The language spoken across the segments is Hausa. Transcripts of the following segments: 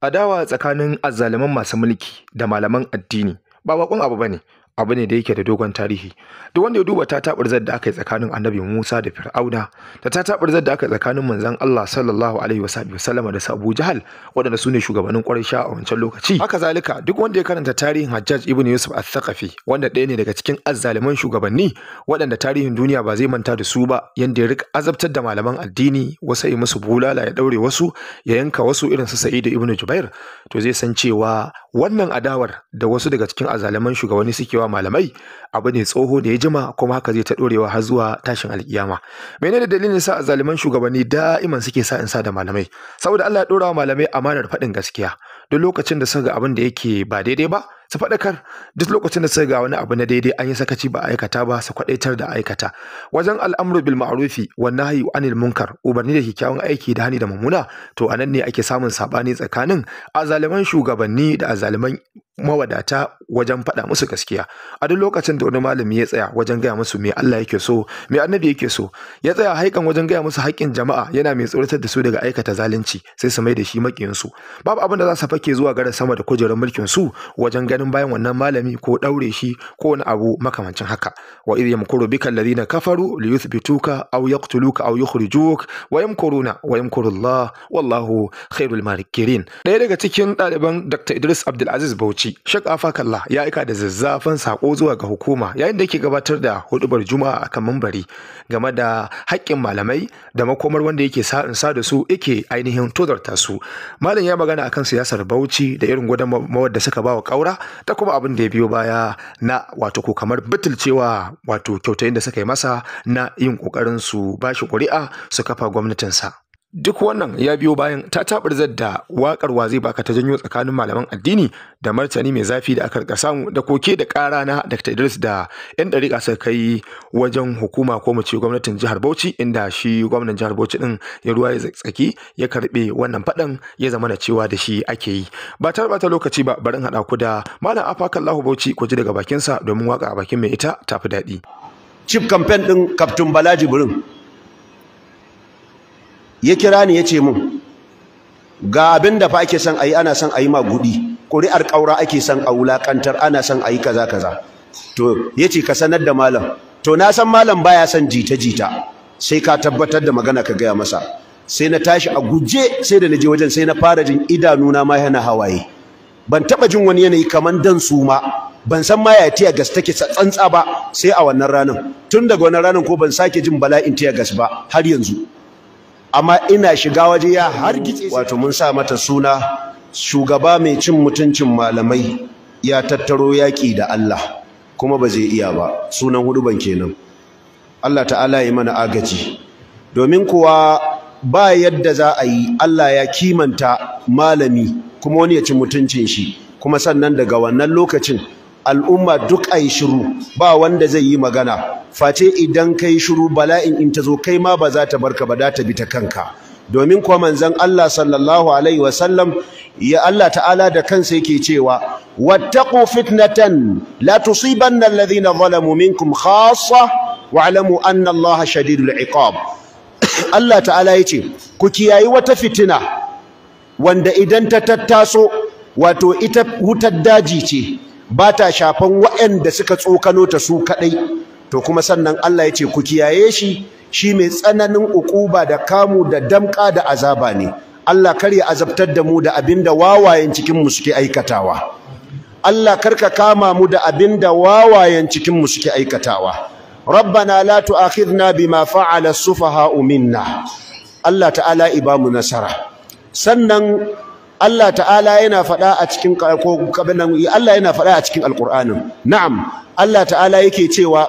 Adawa tsakanin azzaluman masu mulki da malaman addini ba baƙon abu ba ne abu ne da yake da dogon tarihi duk wanda ya duba zar da aka yi tsakanin annabi Musa da Fir'auna da zar da aka yi tsakanin manzon Allah sallallahu alaihi wa wasallam da Abu Jahal waɗanda su ne shugabannin Quraysha a wancan lokaci haka zalika duk wanda ya karanta tarihin Hajjaj ibn Yusuf al-Thaqafi wanda ɗaya ne daga cikin azzaliman shugabanni waɗanda tarihin duniya ba zai manta da su ba yanda ya rika azabtar da malaman addini wasu ya musu bulala ya daure wasu ya yanka wasu irin su Sa'id ibn Jubair to zai san cewa wannan adawar da wasu daga cikin azzaliman shugabanni suke wa malamai abu ne tsoho da ya jima kuma haka zai ta ɗorewa har zuwa tashin alkiyama menene dalilin sa zaliman shugabanni da'iman suke sa in sa da malamai saboda Allah ya ɗora wa malamai amanar faɗin gaskiya duk lokacin da suka ga abin da yake ba daidai ba su faɗakar duk lokacin da suka ga wani abu na daidai an yi sakaci ba aikata ba su kwaɗaitar da aikata wajen al'amru bil ma'rufi wa nahyi anil munkar umarni da kyakkyawan aiki da hani da mummuna to anan ne ake samun sabani tsakanin azaliman shugabanni da azaliman mawadata wajen faɗa musu gaskiya a duk lokacin da wani malami ya tsaya wajen gaya musu me Allah yake so me annabi yake so ya tsaya haikan wajen gaya musu haƙƙin jama'a yana mai tsoratar da su daga aikata zalunci sai su mai da shi makiyin su babu abin da za su fake zuwa gare sama da kujerar mulkin su wajen ganin bayan wannan malami ko daure shi ko wani abu makamancin haka wa idh yamkuru bika alladhina kafaru yuthbituka aw yaqtuluka aw yukhrijuk wa yamkuruna wa yamkuru Allah wallahu khairul makirin daya daga cikin ɗaliban Dr. Idris Aziz Bauchi Bauchi Sheikh ya aika da zazzafan sako zuwa ga hukuma yayin da yake gabatar da hudubar Juma'a kan mambari game da haƙƙin malamai da makomar wanda yake sa'in sa da su yake ainihin tozarta su. Malam ya magana akan siyasar Bauchi da irin gudunmawar da suka bawa ƙaura ta kuma abin da ya biyo baya na wato ko kamar bitulcewa wato kyautayin da suka yi masa na yin ƙoƙarin su bashi ƙuri'a su kafa gwamnatinsa. duk wannan ya biyo bayan ta taɓurzar da wakar wa zai baka ta janyo tsakanin malaman addini da martani mai zafi da aka samu da koke da ƙara na dr idris da yan ɗariƙa suka kai wajen hukuma ko mu ce gwamnatin jihar bauchi inda shi gwamnan jihar bauchi ɗin ya ruwa ya tsaki ya karɓe wannan faɗan ya zama na cewa da shi ake yi ba ta ta lokaci ba barin haɗa ku da malam lahu bauchi ku ji daga bakinsa domin waka a bakin mai ita tafi daɗi. chief campaign ɗin kaftin balaji burin ya kira ni ya ce mun ga abin da fa ake son ayi yi ana son a yi magudi ƙuri'ar ƙaura ake son a wulaƙantar ana son ayi kaza kaza to ya ce ka sanar da malam to na san malam baya son jita jita sai ka tabbatar da magana ka gaya masa sai na tashi a guje sai da na je wajen sai na fara jin idanuna ma yana hawaye ban taɓa jin wani yanayi kamar dan ma ban san ma ya tiya gas take tsantsa ba sai a wannan ranan. tun daga wannan ranan ko ban sake jin bala'in tiya gas ba har yanzu amma ina shiga waje ya hargitse wato mun sa mata suna shugaba mai cin mutuncin malamai ya tattaro yaƙi da Allah kuma ba zai iya ba sunan huduban kenan Allah ta'ala ya mana agaji domin kuwa ba yadda za a yi Allah ya kimanta malami kuma wani ya ci mutuncin shi kuma sannan daga wannan lokacin al'umma duk ayi shiru ba wanda zai yi magana face idan kai shiru bala'in in ta zo kai ma ba za ta barka ba da ta bi ta kanka domin kuwa manzon Allah sallallahu alaihi wasallam ya Allah ta'ala da kansa yake cewa wattaqu fitnatan la tusibanna alladhina zalamu minkum khassa wa'lamu anna Allah shadidul iqab Allah ta'ala yace ku kiyayi wata fitina wanda idan ta tattaso wato ita hutar daji ce ba ta shafan waɗanda suka tsokano ta su kaɗai to kuma sannan Allah ya ce ku kiyaye shi shi mai tsananin ukuba da kamu da damƙa da azaba ne Allah kar ya azabtar da mu da abin da wawayen cikin mu suke aikatawa Allah kar ka kama mu da abinda da wawayen cikin mu suke aikatawa rabbana la tu'akhidna bima fa'ala as-sufaha'u minna Allah ta'ala ibamu nasara sannan Allah ta'ala yana faɗa a cikin ko Allah yana faɗa a cikin na'am Allah ta'ala yake cewa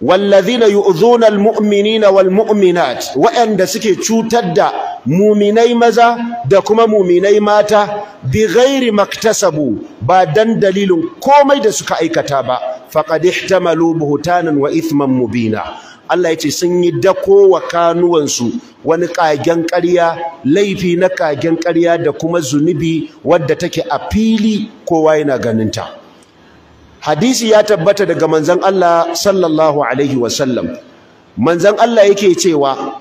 wallazina yu'dhuna almu'minina walmu'minat wa'anda suke cutar da muminai maza da kuma muminai mata bi gairi maktasabu ba dan dalilin komai da suka aikata ba faqad ihtamalu buhtanan wa ithman mubina Allah ya ce sun yi dako wa kanuwansu wani kagen ƙarya laifi na kagen ƙarya da kuma zunubi wadda take a fili kowa yana ganinta hadisi ya tabbata daga manzon Allah sallallahu alaihi wasallam manzon Allah yake cewa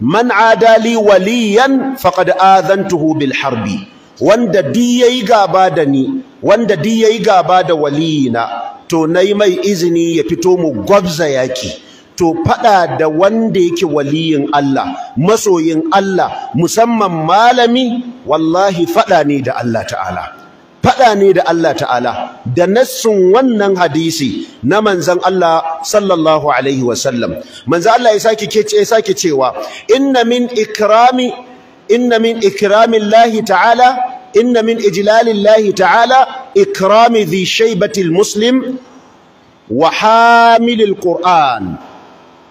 man adali waliyan faqad adantuhu bil harbi wanda di yayi gaba da ni wanda di yayi gaba da waliyina to nayi mai izini ya fito mu gwabza yaki to faɗa da wanda yake waliyin Allah masoyin Allah musamman malami wallahi faɗa ne da Allah ta'ala faɗa ne da Allah ta'ala da nassun wannan hadisi na manzon Allah sallallahu alaihi wasallam manzon Allah ya sake ya sake cewa inna min ikrami inna min ikramillahi ta'ala إن min إجلال الله تعالى إكرام ذي شيبة وحامل القرآن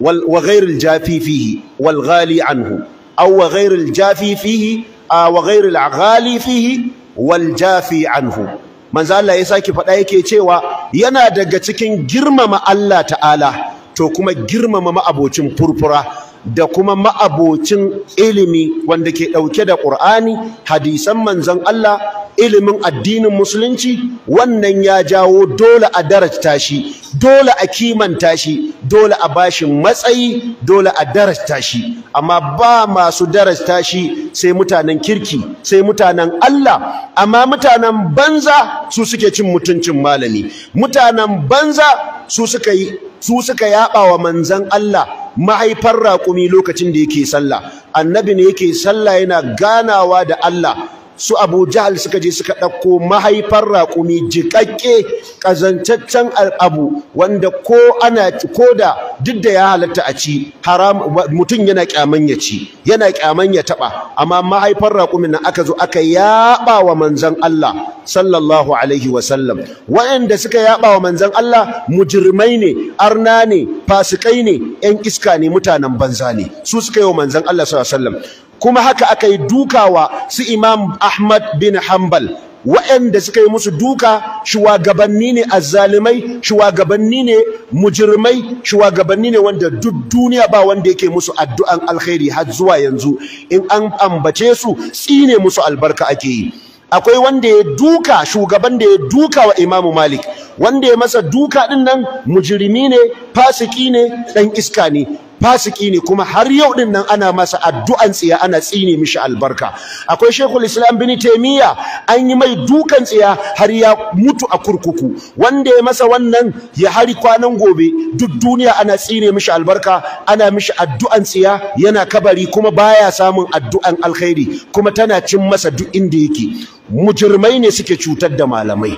wa ghairil jafi fihi wal ghali anhu aw wa ghairil jafi fihi wa ghairil ghali fihi wal jafi anhu manzo Allah ya saki faɗa yake cewa yana daga cikin girmama Allah ta'ala to kuma girmama ma'abocin furfura da kuma ma'abocin ilimi wanda ke ɗauke da ƙur'ani hadisan manzon Allah ilimin addinin musulunci wannan ya jawo dole a darajta shi dole a kimanta shi dole a bashi matsayi dole a darajta shi amma ba masu darajta shi sai mutanen kirki sai mutanen Allah amma mutanen banza su suke cin mutuncin malami mutanen banza su suka yi su suka yaba wa manzon Allah mahaifar raƙumi lokacin da yake sallah annabi ne yake sallah yana ganawa da Allah su Abu Jahal suka je suka ɗauko mahaifar raƙumi jiƙaƙƙe ƙazantaccen abu wanda ko ana ko da duk da ya halatta a ci haram mutum yana ƙyaman ya ci yana ƙyaman ya taɓa amma mahaifar raƙumin nan aka zo aka yaɓa wa manzan Allah sallallahu alaihi wa sallam waɗanda suka yaɓa wa manzan Allah mujirmai ne arna ne fasikai ne ƴan iska ne mutanen banza ne su suka yi wa manzan Allah sallallahu alaihi wa kuma haka aka yi dukawa su Imam Ahmad bin Hambal, waɗanda suka yi musu duka shugabanni ne a azzalimai shugabanni ne mujirmai shugabanni ne wanda duk duniya ba wanda yake musu addu'an alkhairi har zuwa yanzu in an ambace su tsine musu albarka ake yi akwai wanda ya duka shugaban da ya duka wa Imam Malik wanda ya masa duka din nan mujirmi ne fasiki ne ɗan iska ne fasiki ne kuma har yau din nan ana masa addu'an tsiya ana tsine mishi albarka akwai shekul islam bin taimiyya an yi mai dukan tsiya har ya mutu a kurkuku wanda ya masa wannan ya hari kwanan gobe duk duniya ana tsine mishi albarka ana mishi addu'an tsiya yana kabari kuma baya samun addu'an alkhairi kuma tana cin masa duk inda yake mujirmai ne suke cutar da malamai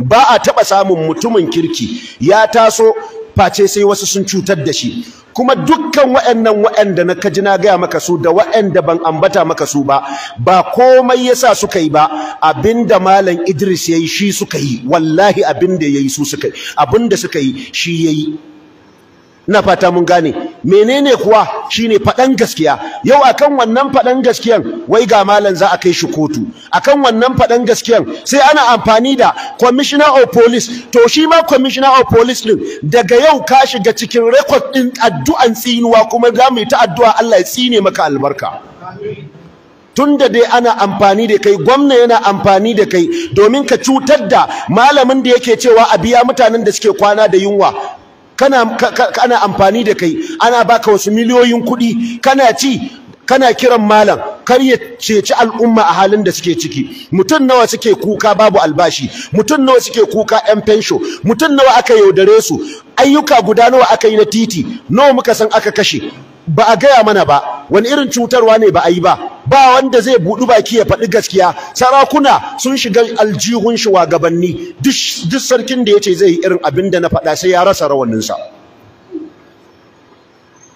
ba a taɓa samun mutumin kirki ya taso face sai wasu sun cutar da shi kuma dukkan wa'annan wa'anda na kaji na gaya maka su da wa'anda ban ambata maka su ba ba komai yasa suka yi ba abinda malam Idris yayi shi suka yi wallahi abinda yayi su suka yi abinda suka yi shi yayi ina fata mun gane menene kuwa shine faɗan gaskiya yau akan wannan faɗan gaskiyan wai ga malam za a kai shi kotu akan wannan faɗan gaskiyan sai ana amfani da commissioner of police to shi ma commissioner of police din daga yau ka shiga cikin record din addu'an tsinuwa kuma za mu yi ta addu'a Allah ya tsine maka albarka tunda dai ana amfani da kai gwamna yana amfani da kai domin ka cutar da malamin da yake cewa a biya mutanen da suke kwana da yunwa kana kana amfani da kai ana baka wasu miliyoyin kuɗi kana ci kana kiran malam kar ya ceci al'umma a halin da suke ciki mutum nawa suke kuka babu albashi mutum nawa suke kuka yan fensho mutum nawa aka yaudare su ayyuka guda nawa aka yi na titi nawa muka san aka kashe ba a gaya mana ba wani irin cutarwa ne ba a yi ba ba wanda zai buɗi baki ya faɗi gaskiya sarakuna sun shiga aljihun shugabanni duk sarkin da ya ce zai yi irin abin da na faɗa sai ya rasa rawaninsa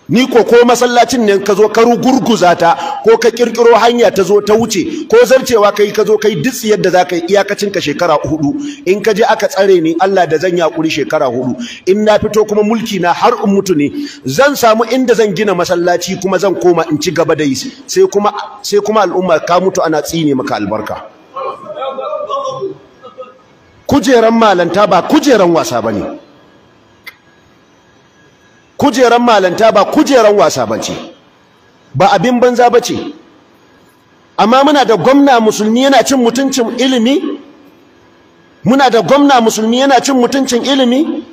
ni ko ko masallacin ne ka zo ka rugurguza ta ko ka kirkiro hanya ta zo ta wuce ko zarcewa kai ka zo kai ditsi yadda za ka yi iyakacin ka shekara hudu in ka je aka tsare ni Allah da zan yakuri shekara hudu in na fito kuma mulki na har in mutu ne zan samu inda zan gina masallaci kuma zan koma in ci gaba da yi sai kuma sai kuma al'umma ka mutu ana tsine maka albarka kujeran malanta ba kujeran wasa bane kujeran malanta ba kujeran wasa bace ba abin banza bace amma muna da gwamna musulmi yana cin mutuncin ilimi muna da gwamna musulmi yana cin mutuncin ilimi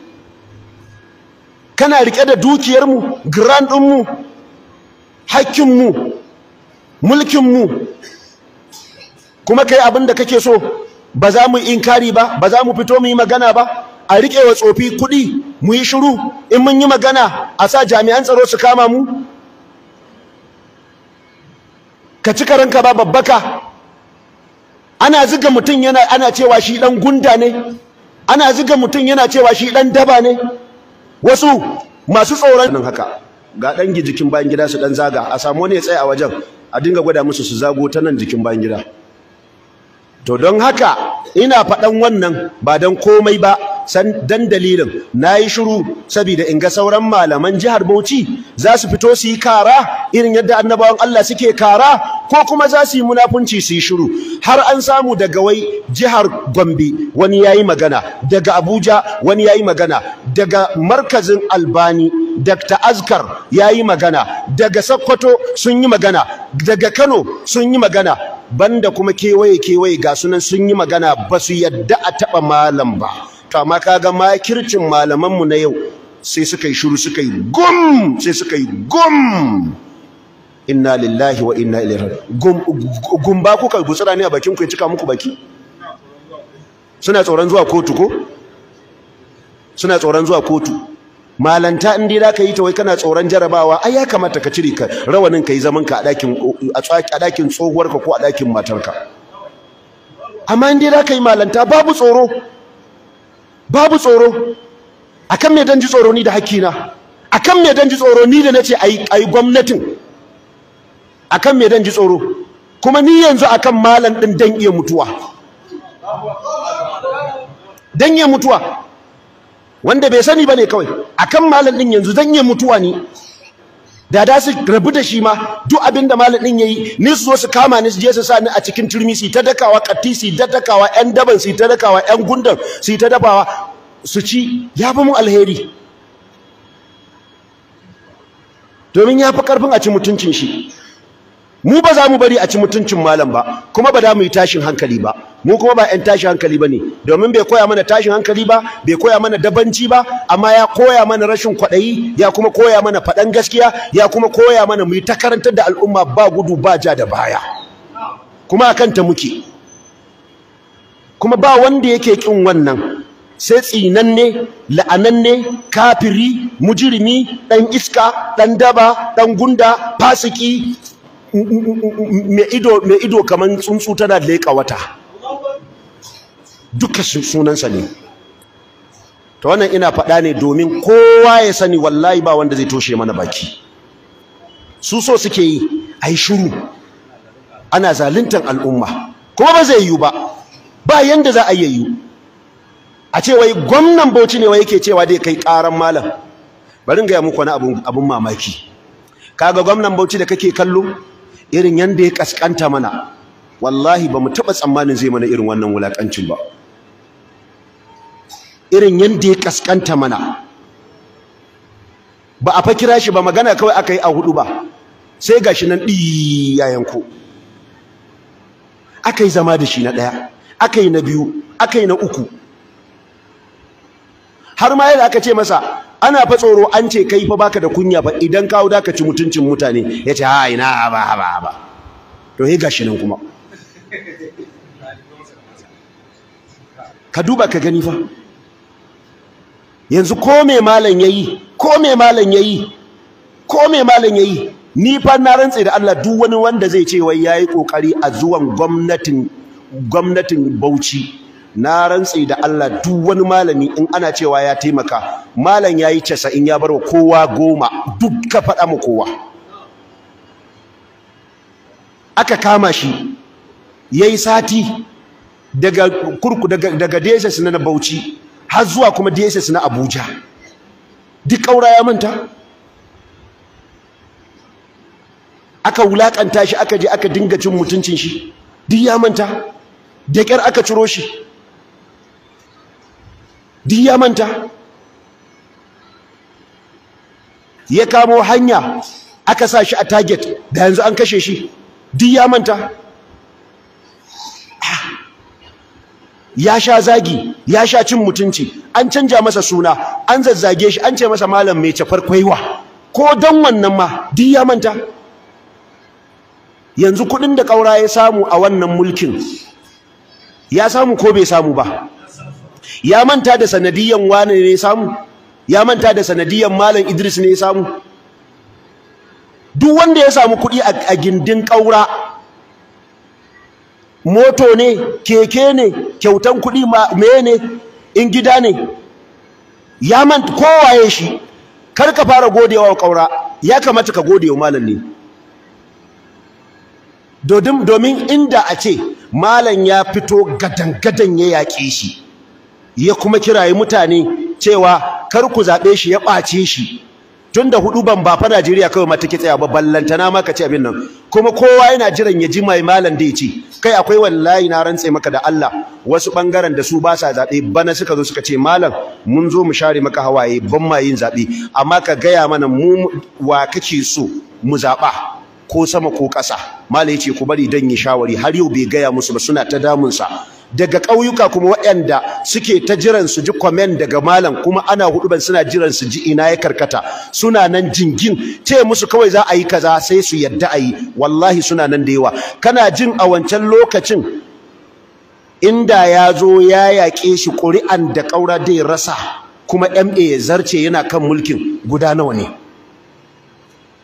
kana rike da dukiyar mu grand ɗinmu mulkin mu kuma kai abin da kake so ba za mu inkari ba ba za mu fito mu yi magana ba a riƙe wa tsofi kuɗi mu yi shiru in mun yi magana a sa jami'an tsaro su kama mu ka ci karanka ba babbaka ana ziga mutum yana ana cewa shi dan gunda ne ana ziga mutum yana cewa shi dan daba ne wasu masu tsoron nan haka ga dan jikin bayan gida su dan zaga a samu ne ya tsaya a wajen a dinga gwada musu su zago ta nan jikin bayan gida to don haka ina faɗan wannan ba don komai ba san dan dalilin nayi shiru saboda in ga sauran malaman jihar Bauchi za su fito su yi kara irin yadda annabawan Allah suke kara ko kuma za su yi munafunci su yi shiru har an samu daga wai jihar Gombe wani yayi magana daga Abuja wani yayi magana daga markazin Albani Dr. Azkar yayi magana daga Sokoto sun yi magana daga Kano sun yi magana banda kuma kewaye kewaye ga sunan sun yi magana ba su yadda a taɓa malam ba to amma kaga makircin malamanmu na yau sai suka yi shiru suka yi gum sai suka yi gum inna lillahi wa inna ilaihi raji'un gum ba kuka gutsura ne a bakin ku ya cika muku baki suna tsoron zuwa kotu ko suna tsoron zuwa kotu malanta in dai zaka yi ta wai kana tsoron jarabawa ai ya kamata ka cire ka rawanin ka yi zaman ka a dakin a dakin tsohuwar ka ko a dakin matarka amma in dai zaka yi malanta babu tsoro babu tsoro akan me dan ji tsoro ni da hakina akan me dan ji tsoro ni da nace ai ai gwamnatin akan me dan ji tsoro kuma ni yanzu akan malan din dan iya mutuwa dan iya mutuwa wanda bai sani bane kawai akan malam din yanzu zan yi mutuwa ne da da su rabu da shi ma duk abin da malam din yayi ni su zo su kama ni su je su sa ni a cikin turmi su ta dakawa katti su ta dakawa yan daban su ta dakawa yan gundan su ta dabawa su ci ya fi mu alheri domin ya fi karfin a ci mutuncin shi mu ba za mu bari a ci mutuncin malam ba kuma ba za mu yi tashin hankali ba mu kuma ba 'yan tashin hankali ba ne domin bai koya mana tashin hankali ba bai koya mana dabanci ba amma ya koya mana rashin kwaɗayi ya kuma koya mana faɗan gaskiya ya kuma koya mana mu yi ta karantar da al'umma ba gudu ba ja da baya kuma akan ta muke kuma ba wanda yake ƙin wannan sai tsinanne la'ananne kafiri mujirimi ɗan iska ɗan daba ɗan gunda fasiki mai ido kaman tsuntsu tana leƙa wata duka sunansa ne ta wannan ina faɗa ne domin kowa ya sani wallahi ba wanda zai toshe mana baki su so suke yi a yi shuru ana zaluntar al'umma kuma ba zai yiwu ba ba yadda za a yi a ce wai gwamnan bauchi ne wai yake cewa dai kai karan malam bari in gaya muku wani abun mamaki kaga gwamnan bauchi da kake kallo irin yadda ya kaskanta mana wallahi ba mu taɓa tsammanin zai mana irin wannan wulaƙancin ba irin yanda ya kaskanta mana ba a fakira shi ba magana kawai aka yi a hudu ba sai gashi nan ɗi yayanku aka yi zama da shi na ɗaya aka yi na biyu aka yi na uku har ma yadda aka ce masa ana fa tsoro an ce kai fa baka da kunya fa idan kawo da ka ci mutuncin mutane ya ce ha ina ba ba ba to he gashi nan kuma ka duba ka gani fa yanzu ko me malam yayi ko me malam yayi ko me malam yayi ni fa na rantse da Allah duk wani wanda zai ce wai yayi kokari a zuwan gwamnatin gwamnatin Bauchi na rantse da Allah duk wani malami in ana cewa ya taimaka malam yayi 90 ya barwa kowa goma duk ka faɗa mu kowa aka kama shi yayi sati daga kurku daga daga na Bauchi har zuwa kuma DSS na Abuja duk ƙaura ya manta aka wulakanta shi aka je aka dinga cin mutuncin shi duk ya manta da ƙyar aka ciro shi duk ya manta ya kamo hanya aka sa shi a target da yanzu an kashe shi duk ya manta ya sha zagi ya sha cin mutunci an canja masa suna an zazzage shi an ce masa malam mai cafar kwaiwa ko dan wannan ma duk ya manta yanzu kuɗin da ƙaura ya samu a wannan mulkin ya samu ko bai samu ba ya manta da sanadiyan wane ne samu ya manta da sanadiyan malam Idris ne samu duk wanda ya samu kuɗi a gindin ƙaura moto ne keke ne kyautan kuɗi meye ne in gida ne ya man kowaye shi kar ka fara godewa kaura ya kamata ka gode wa malam ne domin inda a ce malam ya fito gadan-gadan ya yaƙi shi ya kuma kiraye mutane cewa kar ku zaɓe shi ya ɓace shi tun da hudu ban ba Najeriya kawai ma take tsaya ba ballantana ma ka ce abin nan kuma kowa yana jiran ya ji mai malam da ya ce kai akwai wallahi na rantse maka da Allah wasu bangaren da su ba sa zaɓe bana suka zo suka ce malam mun zo mu share maka hawaye ban ma yin zaɓe amma ka gaya mana mu wa kake so mu zaɓa ko sama ko ƙasa malam ya ce ku bari dan yi shawari har yau bai gaya musu ba suna ta damunsa daga ƙauyuka kuma waɗanda suke ta jiran su ji kwamen daga malam kuma ana ban suna jiran su ji ina ya karkata suna nan jingin ce musu kawai za a yi kaza sai su yadda a yi wallahi suna nan da yawa kana jin a wancan lokacin inda ya zo ya yaƙe shi ƙuri'an da ƙaura dai rasa kuma ma ya zarce yana kan mulkin guda nawa ne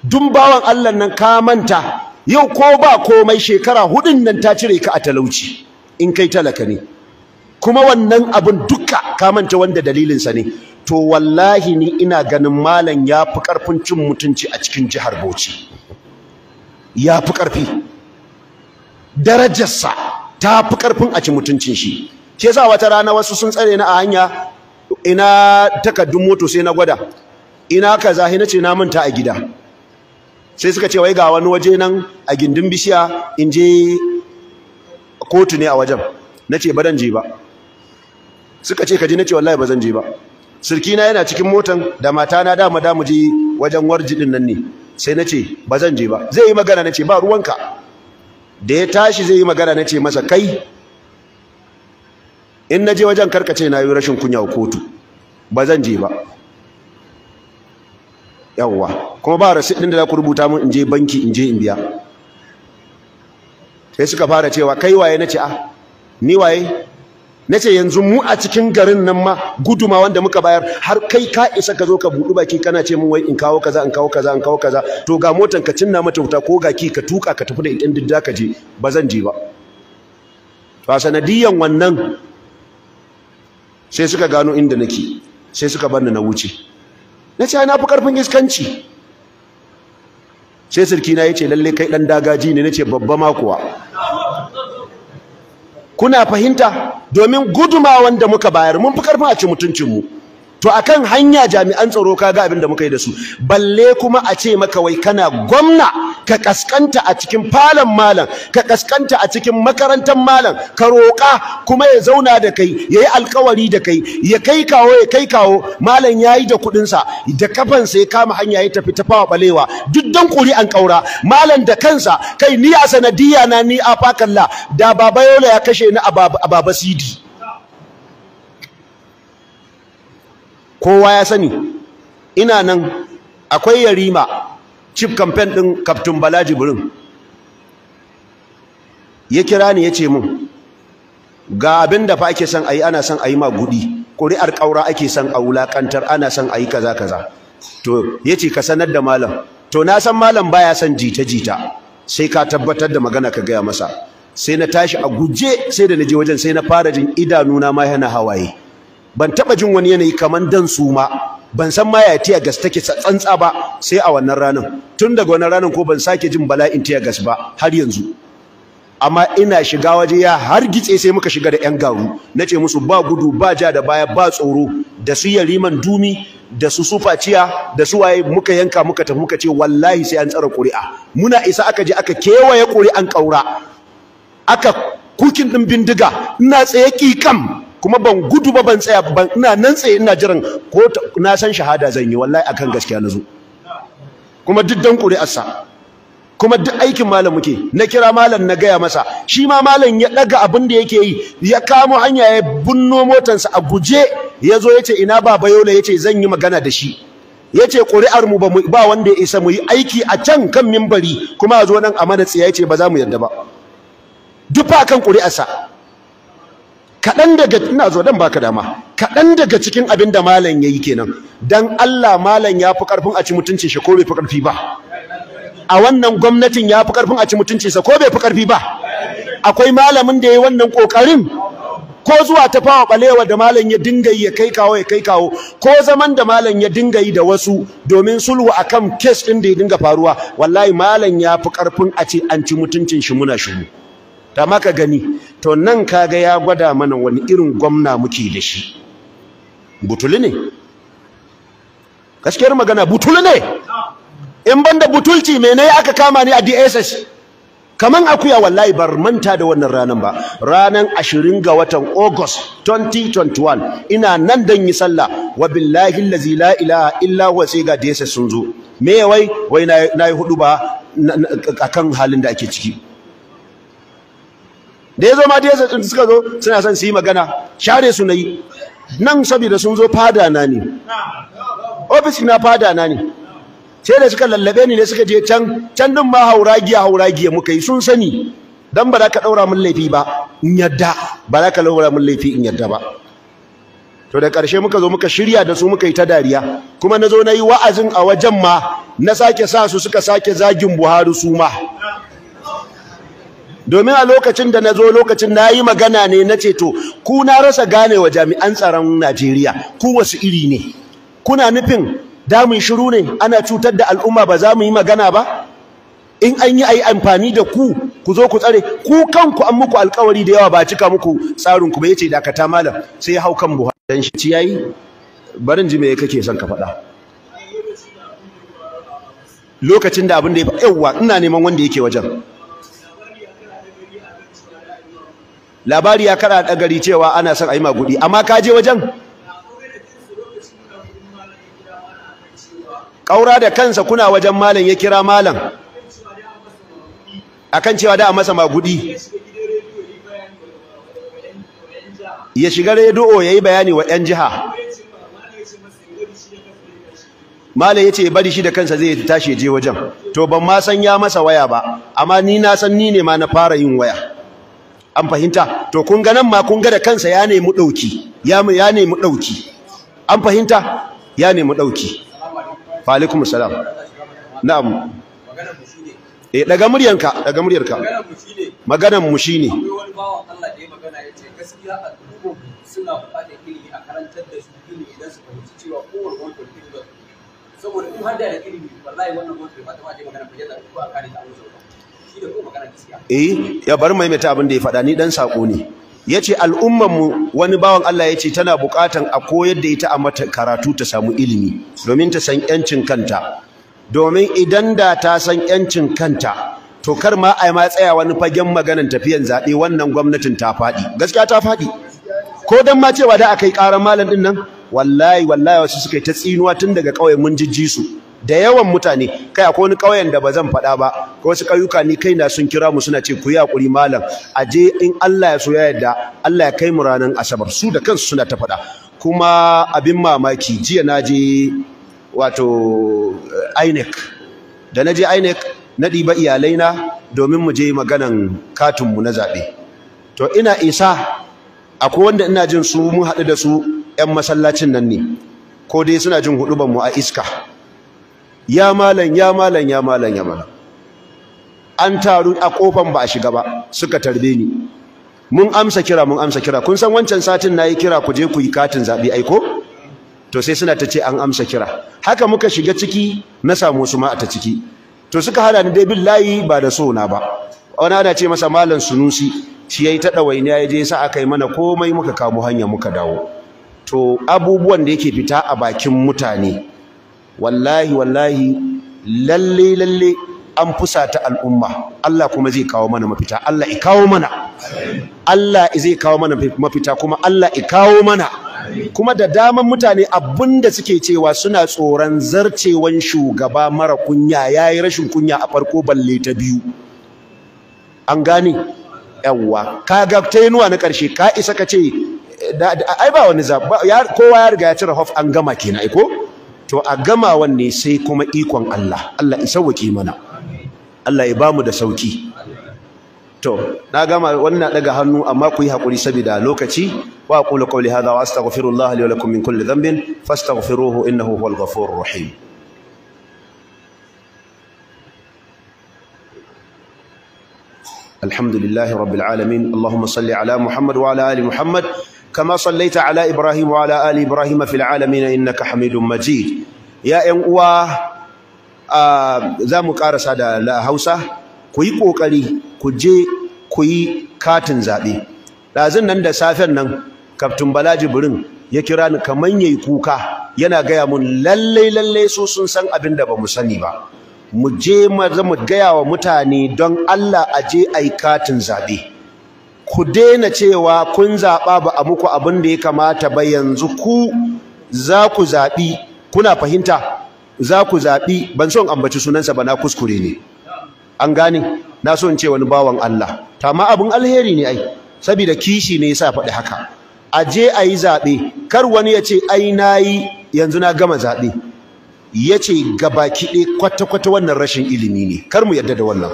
dun bawan allah nan ka manta yau ko ba komai shekara hudun nan ta cire ka a talauci in kai talaka ne kuma wannan abin duka ka manta wanda sa ne to wallahi ni ina ganin malam ya fi ƙarfin cin mutunci a cikin jihar Bauchi ya fi ƙarfi darajarsa ta fi ƙarfin a ci mutuncin shi ke sa wata rana wasu sun tsare ni a hanya ina takaddun moto sai na gwada ina kaza Hina ce na manta a gida sai suka ce wai ga wani waje nan a gindin bishiya in je kotu ne a wajen na ce ba dan je ba suka ce ka je na ce wallahi ba zan je ba sirkina yana cikin motan da matana dama da mu je wajen warji din nan ne sai na ce ba zan je ba zai yi magana na ce ba ruwanka da ya tashi zai yi magana na ce masa kai in na je wajen karkace na yi rashin kunya kotu ba zan je ba yawwa kuma ba rasu ɗin da za ku rubuta min in je banki in je in biya sai suka fara cewa kai waye nace ah ni waye nace yanzu mu a cikin garin nan ma guduma wanda muka bayar har kai ka isa ka zo ka budu baki kana ce mun wai in kawo kaza in kawo kaza in kawo kaza to ga motan ka cinna mata wuta ko gaki ka tuka ka tafi da idan didda ka je ba zan je ba to sanadiyan wannan sai suka gano inda nake sai suka banni na wuce nace na fi karfin iskanci sai sarki na yace lalle kai dan dagaji ne nace babba ma kuwa kuna fahimta domin gudumawan da muka bayar mun fi karfin a ci mutuncinmu to akan hanya jami'an tsaro ka ga abin da muka yi da su balle kuma a ce maka wai kana gwamna ka kaskanta a cikin falon malam ka kaskanta a cikin makarantar malam ka roƙa kuma ya zauna da kai ya yi alƙawari da kai ya kai kawo ya kai kawo malam ya yi da kuɗin da kafansa ya kama hanya ya tafi ta fawa balewa duk dan kuri an kaura malam da kansa kai ni a sanadiyya na ni a fakalla da baba yola ya kashe ni a baba sidi kowa ya sani ina nan akwai yarima chief campaign din captain Balaji burin ya kira ni ya ce mun ga abin da fa ake son ayi ana son ayi ma gudi ƙuri'ar ƙaura ake son a wulakantar ana son ayi kaza kaza to yace ka sanar da malam to na san malam baya son jita jita sai ka tabbatar da magana ka gaya masa sai na tashi a guje sai da naje wajen sai na fara jin idanuna ma yana hawaye ban taba jin wani yanayi kaman dan su ma ban san ma ya tiya gas take tsantsa ba sai a wannan ranan tun daga wannan ranan ko ban sake jin bala'in tiya gas ba har yanzu amma ina shiga waje ya har gitse sai muka shiga da yan garu nace musu ba gudu ba ja da baya ba tsoro da su yariman dumi da su sufaciya da su waye muka yanka muka tafi muka ce wallahi sai an tsara ƙuri'a muna isa aka je aka kewaye ƙuri'an ƙaura aka kukin ɗin bindiga ina tsaye kam. kuma ban gudu ba ban tsaya ban ina nan tsaye ina jiran ko na san shahada zan yi wallahi akan gaskiya na zo kuma duk dan ƙuri'arsa kuma duk aikin malam muke na kira malam na gaya masa shi ma malam ya daga abin da yake yi ya kamo hanya ya bunno motansa a guje ya zo ya ce ina baba yola ya ce zan yi magana da shi ya ce ƙuri'armu ba wanda ya isa mu yi aiki a can kan mimbari kuma a zo nan a mana ya ce ba za mu yarda ba duk fa kan ƙuri'arsa kaɗan daga ina zo dan baka dama kaɗan daga cikin abin da malam ya yi kenan dan Allah malam ya fi ƙarfin a ci mutuncin shi ko bai fi ƙarfi ba a wannan gwamnatin ya fi ƙarfin a ci mutuncin ko bai fi ƙarfi ba akwai malamin da ya yi wannan ƙoƙarin ko zuwa ta fawa ɓalewa da malam ya dinga yi ya kai kawo ya kai kawo ko zaman da malam ya dinga yi da wasu domin sulhu a kan kes ɗin da ya dinga faruwa wallahi malam ya fi ƙarfin a ce an ci mutuncin shi muna shiru ta maka gani to nan kaga ya gwada mana wani irin gwamna muke da shi butuli ne gaskiyar magana butuli ne in ban da butulci mene aka kama ni a DSS kaman akuya wallahi bar manta da wannan ranan ba ranan ashirin ga watan August 2021 ina nan dan yi sallah wa billahi la ilaha illa huwa sai ga DSS sun zo me wai wai yi hudu ba akan halin da ake ciki da ya zo ma dai sun suka zo suna son su yi magana share su nayi nan saboda sun zo fada na ne office na fada na ne sai da suka lallabe ni ne suka je can can din ma hauragiya hauragiya muka yi sun sani dan ba za ka daura min laifi ba in yadda ba za ka daura min laifi in yadda ba to da ƙarshe muka zo muka shirya da su muka yi ta dariya kuma na zo na yi wa'azin a wajen ma na sake sa su suka sake zagin buhari su ma domin a lokacin da na zo lokacin na yi magana ne na ceto ku na rasa gane wa jami'an tsaron Najeriya ku wasu iri ne kuna nufin damun shiru ne ana cutar da al'umma ba za mu yi magana ba in an yi amfani da ku ku zo ku tsare ku kanku an muku alkawari da yawa ba cika muku tsarin ku ba yace dakata malam sai ya hau kan buhari dan shi ciyayi barin ji kake son ka faɗa lokacin da abin da ya yawa ina neman wanda yake wajen labari ya kara da gari cewa ana son a yi magudi amma ka je wajen ƙaura da kansa kuna wajen malam ya kira malam akan cewa da a masa magudi ya shiga redo ya yi bayani wa 'yan jiha malam ya ce bari shi da kansa zai tashi je wajen to ban ma san ya masa waya ba amma ni na san ni ne ma na fara yin waya an fahimta to kun ga nan ma kun ga da kansa ya nemi dauki ya ya nemi dauki an fahimta ya nemi dauki fa alaikum salam na'am eh daga muryanka daga muryarka maganan mu shine magana gaskiya a karantar da su saboda in hada da ilimi wallahi wannan ba magana yana kare ta eh ya bar maimaita abin da ya fada ni dan sako ne yace al'umman mu wani bawan Allah yace tana buƙatan a koyar da ita a mata karatu ta samu ilimi domin ta san yancin kanta domin idan da ta san yancin kanta to kar ma ai ma tsaya wani fagen maganan tafiyan zaɓe wannan gwamnatin ta faɗi gaskiya ta faɗi ko dan ma cewa da akai ƙaran malam din nan wallahi wallahi wasu suka yi ta tsinuwa tun daga kauye mun jijji su da yawan mutane kai akwai wani ƙauyen da ba zan faɗa ba ko wasu ƙauyuka ni kaina sun kira mu suna ce ku yi hakuri malam a je in Allah ya so ya yarda Allah ya kai mu ranar asabar su da kansu suna ta faɗa kuma abin mamaki jiya na je wato eh, INEC da na je INEC na ɗiba iyalaina domin mu je maganan katinmu na zaɓe to ina isa akwai wanda ina jin su mun haɗu da su 'yan masallacin nan ne ko dai suna jin mu a iska ya malam ya malam ya malam ya malam an taru a kofan ba a shiga ba suka tarbe ni mun amsa kira mun amsa kira kun san wancan satin na yi kira ku je ku yi katin zabi ai ko to sai suna ta ce an amsa kira haka muka shiga ciki na samu su ma a ta ciki to suka hada ni dai billahi ba da so na ba wani ana ce masa malam sunusi shi yayi ta dawainiya yaje sa aka yi mana komai muka kamo hanya muka dawo to abubuwan da yake fita a bakin mutane wallahi wallahi lalle lalle an fusata al'umma Allah kuma zai kawo mana mafita Allah i kawo mana Allah zai kawo mana mafita kuma Allah i kawo mana kuma da daman mutane abinda suke cewa suna tsoron zarcewan shugaba mara kunya yayi rashin kunya a farko balle ta biyu an gane yawwa kaga tainuwa na karshe ka isa ka ce ai ba wani zaba kowa ya riga ya cire hof an gama kenan ai ko to a gamawan ne sai kuma ikon Allah Allah ya sauke mana Allah ya bamu da sauki to na gama wannan daga hannu amma ku yi hakuri saboda lokaci wa aqulu qawli hadha wa astaghfirullah li wa lakum min kulli dhanbin fastaghfiruhu innahu huwal ghafurur rahim الحمد لله رب العالمين اللهم صل على محمد وعلى ال محمد كما صليت على إبراهيم Ibrahim آل إبراهيم في العالمين إنك حميد مجيد يا أنوا za mu karasa da Hausa ku yi kokari ku je ku yi katin zaɓe. Ɗazun nan da safen nan kaftin Bala Jibrin ya kira ni kaman yayi kuka yana gaya mun lalle lallai su sun san abin da bamu sani ba mu je mu gaya wa mutane don Allah a je ai katin zaɓe. ku daina cewa kun zaɓa ba a muku abin da ya kamata ba yanzu ku za ku zaɓi kuna fahimta za ku zaɓi ban son ambaci sunansa ba na kuskure ne an gane na son ce wani bawan Allah tama abin alheri ne ai saboda kishi ne sa faɗi haka a je a yi zaɓe kar wani ya ce ai na yi yanzu na gama zaɓe ya ce gabaki ɗaya kwata-kwata wannan rashin ilimi ne kar mu yarda da wannan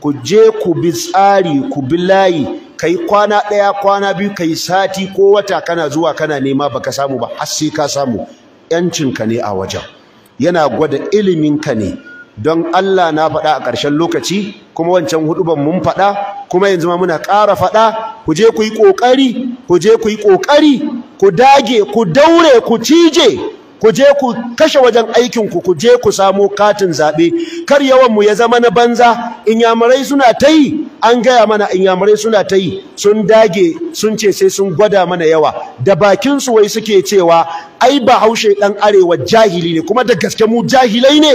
ku je ku bi tsari ku bi layi kai kwana ɗaya kwana biyu kai sati ko wata kana zuwa kana nema baka samu ba har sai ka samu yancinka ne a wajen yana gwada iliminka ne don Allah na faɗa a ƙarshen lokaci kuma wancan huduban mun faɗa kuma yanzu ma muna ƙara faɗa ku je ku yi ƙoƙari ku je ku yi ƙoƙari ku dage ku daure ku cije ku je ku kashe wajen aikin ku ku je ku samo katin zaɓe kar yawan mu ya zama na banza inyamurai suna ta yi an gaya mana inyamurai suna ta yi sun dage sun ce sai sun gwada mana yawa da bakin su wai suke cewa ai ba haushe ɗan arewa jahili ne kuma da gaske mu jahilai ne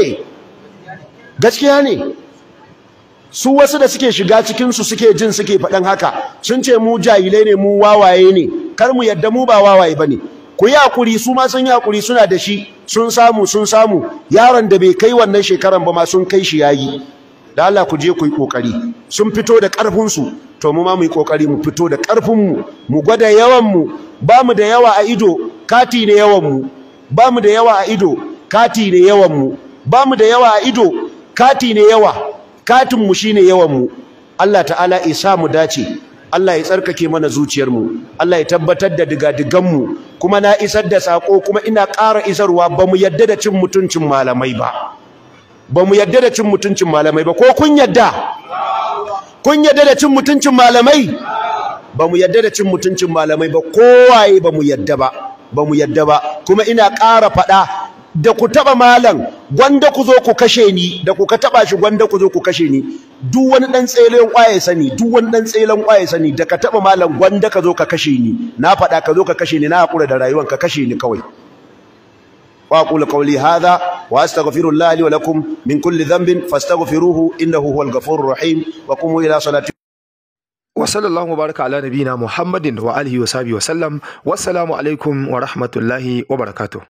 gaskiya ne su wasu da suke shiga cikinsu suke jin suke faɗan haka sun ce mu jahilai ne mu wawaye ne kar mu yadda mu ba wawaye ba ne ku yi hakuri su ma sun yi hakuri suna da shi sun samu sun samu yaron da bai kai wannan shekaran ba ma sun kai shi yayi da Allah ku je ku yi kokari sun fito da ƙarfinsu, su to mu ma mu yi kokari mu fito da ƙarfinmu, mu gwada yawan mu ba mu da yawa a ido kati ne yawan ba mu da yawa a ido kati ne yawan ba mu da yawa a ido kati ne yawa katin mu shine yawan mu Allah ta'ala isa mu dace Allah ya tsarkake mana zuciyarmu Allah ya tabbatar da digadiganmu kuma na isar da sako kuma ina ƙara isarwa ba mu yadda da cin mutuncin malamai ba ba mu yadda da cin mutuncin malamai ba ko kun yadda kun yadda da cin mutuncin malamai ba mu yadda da cin mutuncin malamai ba kowaye ba mu yadda ba ba mu yadda ba kuma ina ƙara faɗa da ku taba malam gwanda ku zo ku kashe ni da ku ka taba shi gwanda ku zo ku kashe ni duk wani dan tselen kwaye sani duk wani dan tselen kwaye sani da ka taba malam gwanda ka zo ka kashe ni na faɗa ka zo ka kashe ni na hakura da rayuwar ka kashe ni kawai wa aqulu qawli hadha wa astaghfirullaha li wa lakum min kulli dhanbin fastaghfiruhu innahu huwal ghafurur rahim wa qumu ila salati wa sallallahu baraka ala nabiyina muhammadin wa alihi wa sahbihi wa sallam wassalamu alaikum wa rahmatullahi wa barakatuh